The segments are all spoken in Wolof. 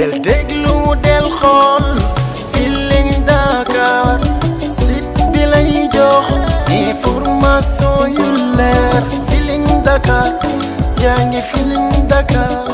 del déglu del xool Feeling Dakar site lay jox information yu leer Feeling Dakar yaa ngi Feeling Dakar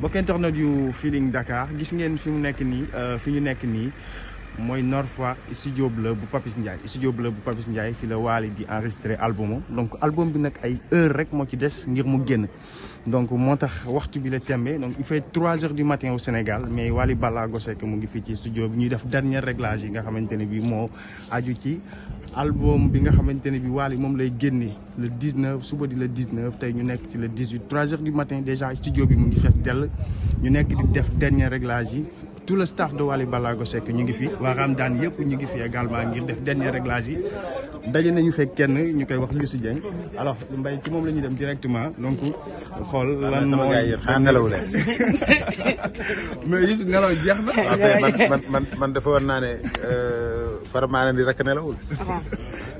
mbokk internet yu Feeling Dakar gis ngeen fi mu nekk nii euh, fi ñu nekk nii mooy Norfa studio bleu bu Papis Ndiaye studio bleu bu Papis Ndiaye fi la Wally di enregistré album donc album bi nag ay heure rek moo ci des ngir mu génn donc moo tax waxtu bi la tembe donc il fait trois heures du matin au Sénégal mais Wally Ballago Seck mu ngi fii ci studio bi ñuy def dernier réglage yi nga xamante ne bi moo aju ci album bi nga xamante ne bi Wally moom lay génne le 19 suba di le 19 tey ñu nekk ci le 18 trois heures du matin déjà studio bi mu ngi fees dell nekk di def dernier réglage yi tout le staff de Wally Ballago Seck ñu ngi fi waa Ramadane yëpp ñu ngi fi également ngir def dernier réglage yi daje nañu fekk kenn ñu koy wax Youssou Dieng alors Mbaye ci moom la ñuy dem directement donc xool lan mooy xanaa nelaw leen mais Youssou nelaw jeex na ah, man man man dafa war euh, ah, naa ne faramaare di rek nelawul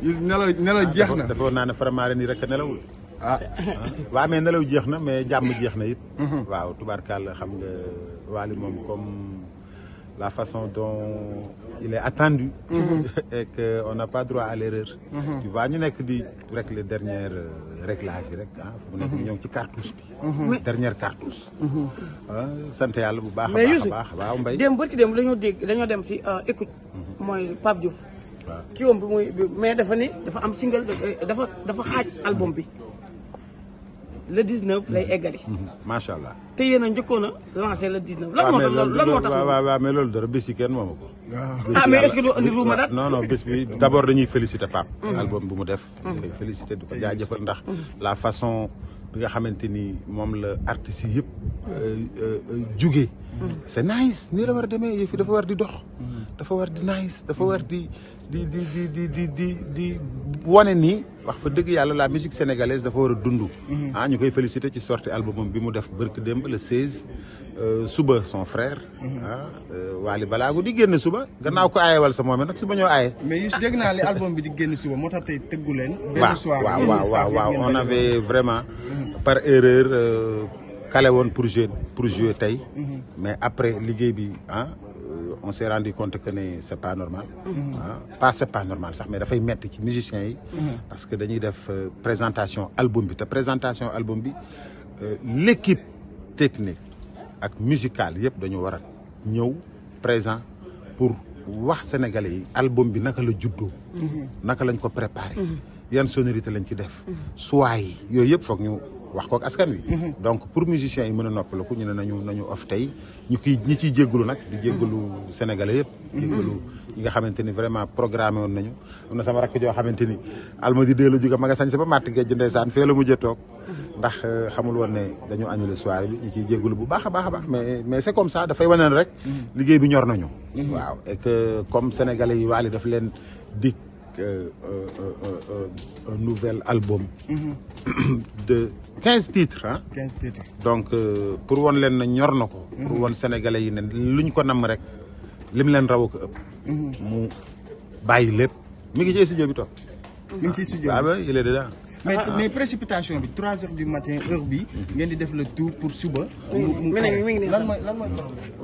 Youssou nelaw nelaw jeex na dafa war naa ne faramaare di rek nelawul ah waaw mais nelaw jeex na mais jàmm jeex na mhm. xam nga Wally moom comme la façon dont il est attendu. Mhm. et que on n'a pas droit à l'erreur. Mhm. tu ñu nekk di rek les dernières euh, réglages rek ah. fu mu ñëw ci cartouche bi. Mhm. dernière cartouche. Ah, sant yàlla bu baax a baax a baax. waaw Mbaye démb barki démb dañoo dégg dañoo dem si euh, écoute. mooy Pape Diouf. waaw kii woom bi muy mais dafa ni dafa am single euh, dafa dafa xaaj album bi. le 19 lay mhm. eggali. Mhm. macha allah te yéen a njëkkoon a lancé la 19. lan ah, moo tax lan moo tax loolu dara bés yi kenn moomu ko. ah, ah mais est-ce que du andi ruuma daat non non bés bi mm. d'abord dañuy féliciter Pape. Mm. album bu mu def. dañuy mm. féliciter di ko jaajëfal ndax la façon. bi nga xamante ni moom la artistes yëpp euh, euh, euh, jugee. c'est nice nii la war a demee yëf dafa war di dox. dafa war di nice dafa war di di di di di di di di wane ni wax fa dëgg yàlla la musique sénégalaise dafa war a dund. Mhm. ah ñu koy féliciter ci sortie albumam bi mu def bërk démb le 16. Euh, suba son frère. Mhm. ah euh, Waly Balago di génn suba gannaaw ko aayewal sa moom nag suba ñoo aaye. mais Youssou dégg naa li album bi di génn suba moo tax tey tëggu leen. waa waaw waaw waaw on avait vraiment. Mhm. par erreur kale euh, woon pour jouer pour tey. mais après liggéey bi ah, on s'est rendu compte que ne c'est pas normal mhm. ah pas c'est pas normal sax mais dafay metti ci musiciens yi mhm. parce que dañuy def euh, présentation album bi te présentation album bi euh, l'équipe technique ak musicale yëpp dañu wara a ñëw présent pour wax sénégalais yi album bi naka la juddoo mhm. naka lañ ko préparé yan sonorité lañ ci def choix yooyu yëpp foog ñu wax kook askan wi mhm. donc pour musiciens yi mën a noppaliku ñu ne nañu nañu off tey ñu kiy ñi ciy jéggalu nag di jéggalu mhm. sénégalais yëpp mhm. jéggalu ñi nga xamante ni vraiment programmé woon nañu am na sama rakk joo xamante ni almadi dee la jóge ma nga sañ sa ba màtt gejj ndeysaan fee la mujjee toog ndax euh, xamul woon ne dañu annulé soirée bi ñi ciy jéggalu bu baax a baax a baax mais mais c'est comme ça dafay wane rek liggéey bi ñor nañu waaw et que comme sénégalais yi waali daf leen dik Euh, euh, euh, un nouvel album. Mm-hmm. de quinze titres quinze titres donc pour won leen na ñor na ko. Mm-hmm. pour won sénégalais yi ne luñ ko nam rek lim leen raw ko ëpp. Mm-hmm. mu bàyyi lépp mu ngi ci studio bi toog. mi ngi ci studio bi waaw il est dedans mais ah, ah. mais précipitation bi 3 heures du matin heure bi ngeen di def le tout pour suba. mu lan mooy lan mooy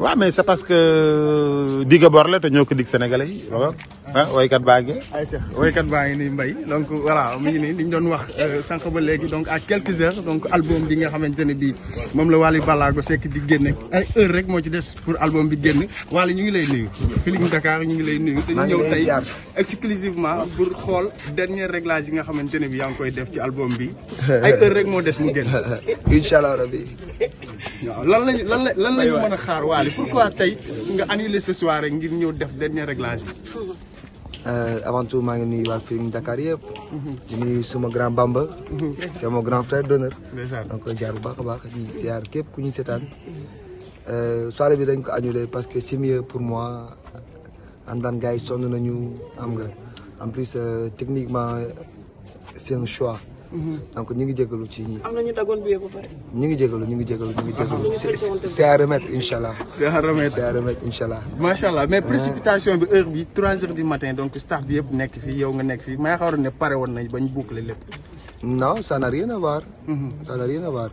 waaw mais c'est parce que euh, digga bor la te ñoo ko dig sénégalais yi waaw ah. woykat baa ngi. ayca woykat baa ngi nii Mbaye donc voilà mu ngi nii li ñu doon wax euh, sànq ba léegi donc à quelques heures donc album bi nga xamante ne bii moom la Wally Ballago Seck di génne ay heure rek moo ci des pour album bi génn Wally ñu ngi lay nuyu. Feeling Dakar ñu ngi lay nuyu. dañu ñëw tey exclusivement pour xool dernier xamante ne bi koy def. def ci album bi. ay kër rek moo des mu génn. incha allah waaw lan lañu lan la lan a xaar Wally pourquoi tey nga annulé ce soir ngir ñëw def dernier réglage yi. Euh, avant tout maa ngi nuyu waa Feeling Dakar yëpp. Mhm. di nuyu suma grand Bamba. Mhm. c'est mon grand frère d'honneur. donc jaar bu baax a baax di siyaar képp ku ñu seetaan. Euh, soirée bi dañ ko annulé parce que c'est mieux pour moi en tant gars yi nañu am nga en plus euh, techniquement. seen choix. Mhm. donc ñu ngi jégalu ci ñu ngi jégalu ñu ngi jégalu incha allah. c'est à remettre macha allah mais précipitation bi heure bi trois du matin donc staff bi yëpp nekk fi yow nga nekk fi maa xawaroon ne pare woon nañ ba ñu boucler lépp. non ça n'a rien à voir. Mhm. ça n'a rien à uh-huh.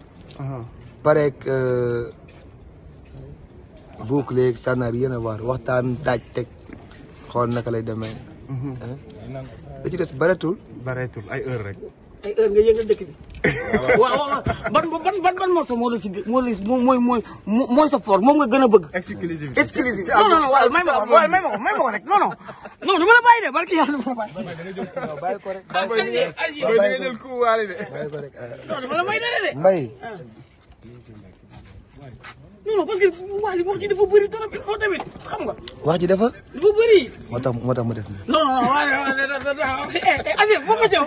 euh, n'a rien waxtaan taaj teg xool naka lay demee. li ci des bareetul. bareetul ay heure rek. ay nga dëkk bi. waaw waaw ban ban ban moo la moo la mooy mooy sa fort moom nga gën a bëgg. exclusive exclusive non non waaye may ma ko waaye may ma ko may ma ma la bàyyi de barki yàlla du ma la bàyyi. bàyyi ko rek bàyyi ko rek bàyyi ko rek. non du ma la may dara de. non non parce que waa li wax ji dafa bëri trop il faut tamit xam nga. wax ji dafa. dafa bëri. moo tax moo tax mu def nii. non non waaye waaye eh, eh, Aziz boo ko caw.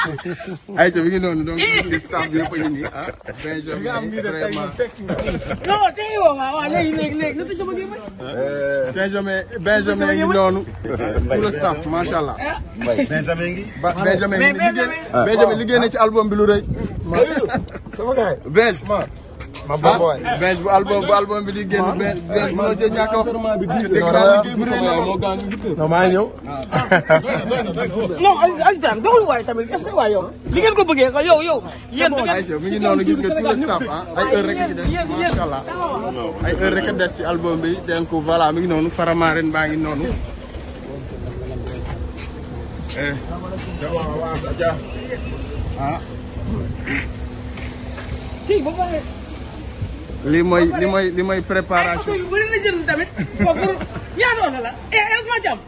ayca mi ngi noonu donc eh. staff bi yëpp a ngi nii ah. Benjamin vraiment non tey woo waaw waaw léegi léegi léegi naka jëm a génn. Benjamin Benjamin ngi noonu. tout le staff macha allah. Benjamin ngi. ba Benjamin liggéey Benjamin liggéey na ci album bi lu rëy. sama gars yi. ma bokk ah, ah. benn bu album bu album bi di génn benn benn mënoo cee ñàkk a wax. dégg maa ngi ñëw. non noonu gis nga tout le ah, ay heure rek ci des macha ay heure rek des ci album bi donc voilà mi ngi noonu Faramaren baa ngi noonu. Eh, ah. li mooy li mooy li mooy préparation ay bëri na jënd tamit foofu ñaata oto la eh Ousmane Thiam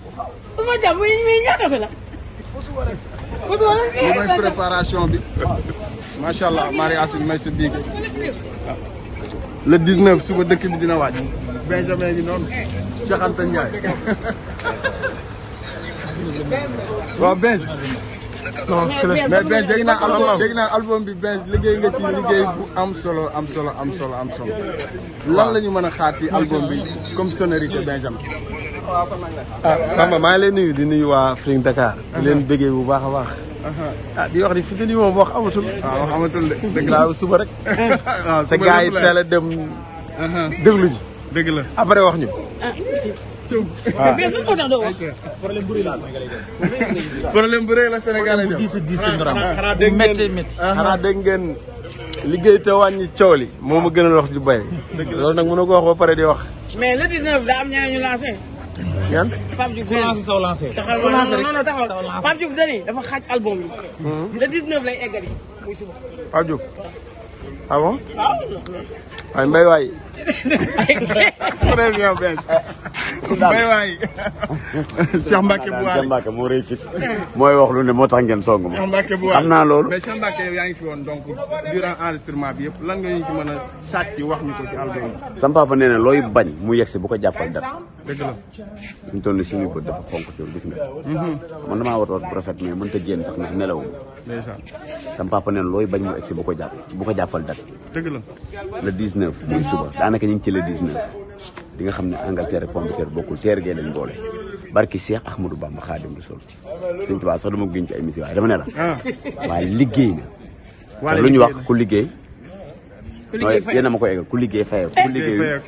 Ousmane Thiam muy ñaata oto la li mooy préparation bi macha allah Marie Assine may sa biig le 19 suba dëkk bi dina wàcc Benjamin ngi noonu Cheikh Anta Ndiaye waaw Benj non mais benn dégg naa album dégg naa album bi benn liggéey nga ci liggéey bu am solo am solo am solo am solo lan la ñu mën a xaar ci album bi comme sonorité Benjamin ah Bamba maa ngi lay nuyu di nuyu waa Feeling Dakar di leen bëggee bu baax a baax ah di wax ni fi ni moom wax amatul ah, wax amatul de waaw ah, suba rek te gars yi dem déglu ji wax ñu ah, cëw. waaw ah. mais lan moo tax la problème la Sénégal bu diis a diis la ñu am. xanaa dégg ngeen métti métti. xanaa dégg ngeen liggéey te wàññi coow li moo ma ah. gënal wax ju bëri. dëgg la loolu nag mënoo ko wax ba pare di wax. mais le 19 daa am ñaari ñu lancé. yan. Pape Diouf lancé saw lancé. taxaw non non taxaw Pape Diouf dafa xaaj album bi. Hmm? le lay eggali muy suba. Pape ah bon waaye mbay waay prévision bees mbay waay moo mooy wax lu ne moo tax ngeen song ma Cheikh Mbacke Bouhari xam naa loolu mais Cheikh yaa ngi fi woon donc durant enregistrement bi yëpp lan nga ñu ci mën a sàcc wax mu ko ci album sam papa nee na looy bañ mu yegg si bu ko jàppal dara dëgg la fi ñu toll suñu bët dafa xonk ci gis nga. Mhm. man damaa wat bu rafet mais mënut a génn sax ndax nelawul. ndeysaan sama looy bañ mu egsi bu ko jàpp bu jàppal dat dëgg la le 19 muy suba daanaka ñu ngi ci le 19 di nga xam ne Angleterre pomme de terre bokkul teer gee leen boole. barki Cheikh Ahmadou Bamba Khadim Rasoul Sëñ Tuubaa sax dama giñ ci ay misi waaye a ne la. Ah. waaye liggéey na. te lu ñu wax ku liggéey. ku liggéey fayoo yéen a ma koy eggal ku liggéey fayoo ku liggéey fayoo.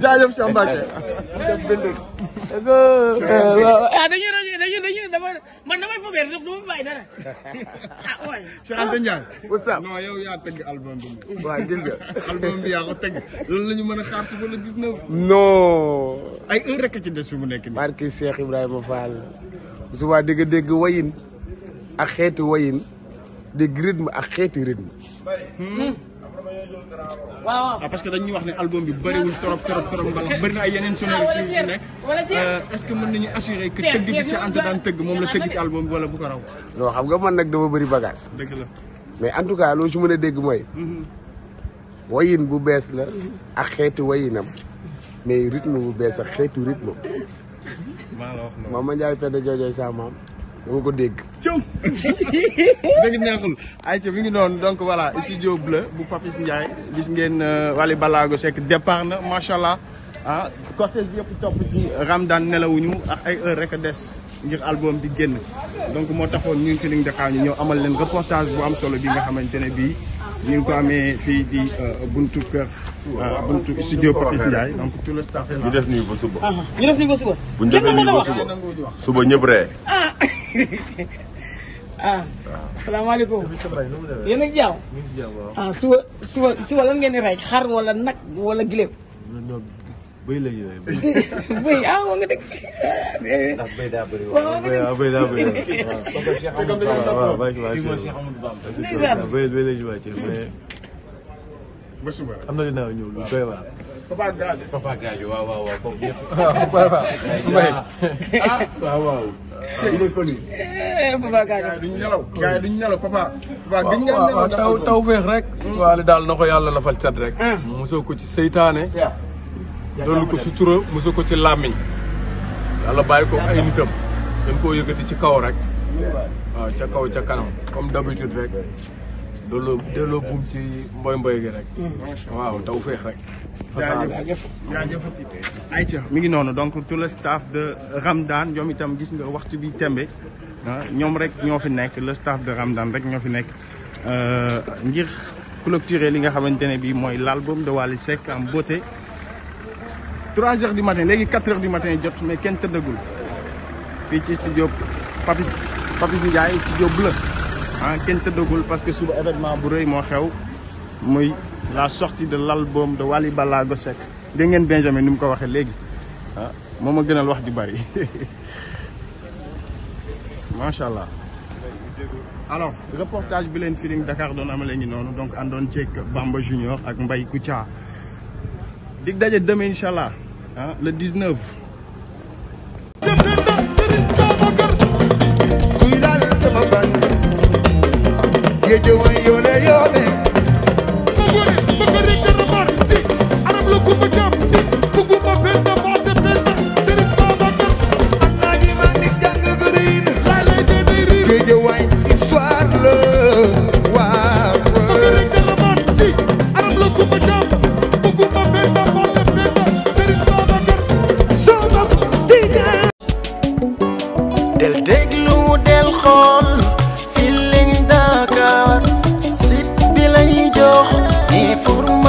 jaajëf Cheikh Mbacke. ah dañuy dañuy dañuy dama man damay fogeer rek du ma bàyyi dara ah ooy. Cheikh Anta Ndiaye. yaa tëgg album bi. waaw gis yaa ko tëgg loolu la mën a xaar suba le 19. non. ay heure rek ci des fi mu nekk nii. barke Cheikh Ibrahima Fall. su waa dégg-dégg wayin ak xeeti wayin dégg rythme ak xeeti rythme. Hmm. Ah, parce que dañuy wax ne album bi bëriwul trop trop trop mbalax bëri na ay yeneen sonorité ci nekk euh, est-ce que mën nañu assurer que tëgg bi Cheikh Anta daan tëgg moom la tëgg ci album bi wala bu ko raw. xam nga man nag dafa bari bagage. dëgg la mais en tout cas loo ci mën a dégg mooy. Mm-hmm. wayin bu bees la ak xeetu wayinam mais rythme bu bees ak xeetu rythme. maa la Mama Ndiaye Penda Joojoy sa maam. dama ko dégg. cëw dégg neexul ayca mi ngi noonu donc voilà studio bleu bu Papis Ndiaye gis ngeen euh, Wally Ballago Seck départ na macha allah ah cortège bi yëpp topp ci Ramadan nelawuñu ak ay heure rek a des ngir album bi génn donc moo taxoon ñun Feeling Dakar ñu ñëw amal leen reportage bu am solo bi nga xamante ne bii. ñu ngi ko amee fii di euh, buntu kër euh, buntu studio Papis Ndiaye donc tout le staff est là. ñu def nii ba suba. Ah, ñu def nii ba suba. bu ñu defee suba ñëpp ree. ah ah. salaamaaleykum. yéen ak jaaw. ah suba suba suba lan ngeen di rek xar wala nag wala gileem. bëy la yooyu bëy ah nga dëgg. ndax bëy daa bëri waaw bëy daa bëri waaw waaw bëy la ñu wàccee mais. am na dinaa ñëw lu doy waar. Papa Gadio Papa Gadio waaw waaw waaw kooku yëpp. waaw waaw. il est connu. Papa Gadio duñ nelaw. gars yi duñ nelaw papa. waaw waaw taw taw feex rek. waaye daal na ko yàlla la fal cat rek. mosoo ko ci seytaane. dolli ko sutura musu ko ci làmmiñ yàlla bàyyi ko ay nitam dañ koo yëkkati ci kaw rek waaw ca kaw ca kanam comme d'habitude rek delloo delloo buum ci mboy mboy gi rek waaw taw féex rek jaajëf jaajëf ayca mi ngi noonu donc tout le staff de Ramdan ñoom itam gis nga waxtu bi tembe ah, ñoom rek ñoo fi nekk le staff de Ramdan rek ñoo fi nekk euh, ngir clôturer li nga xamante ne bii mooy l'album de Wally Seck en beauté 3 heures du matin léegi 4 heures du matin jot mais kenn tëddagul fii ci studio Papis Papis Ndiaye studio bleu ah kenn tëddagul parce que suba événement bu rëy moo xew muy la sortie de l'album de Wally Ballago Seck dégg ngeen Benjamin ni mu ko waxee léegi ah moo ma gënal wax ju bari macha allah. alors reportage bi leen Feeling Dakar doon amale ngi noonu donc àndoon ceeg Bamba Junior ak Mbaye Kouthia dig daje demain incha allah ah le 19. kuy laal sama bànn géej waay yoole yoole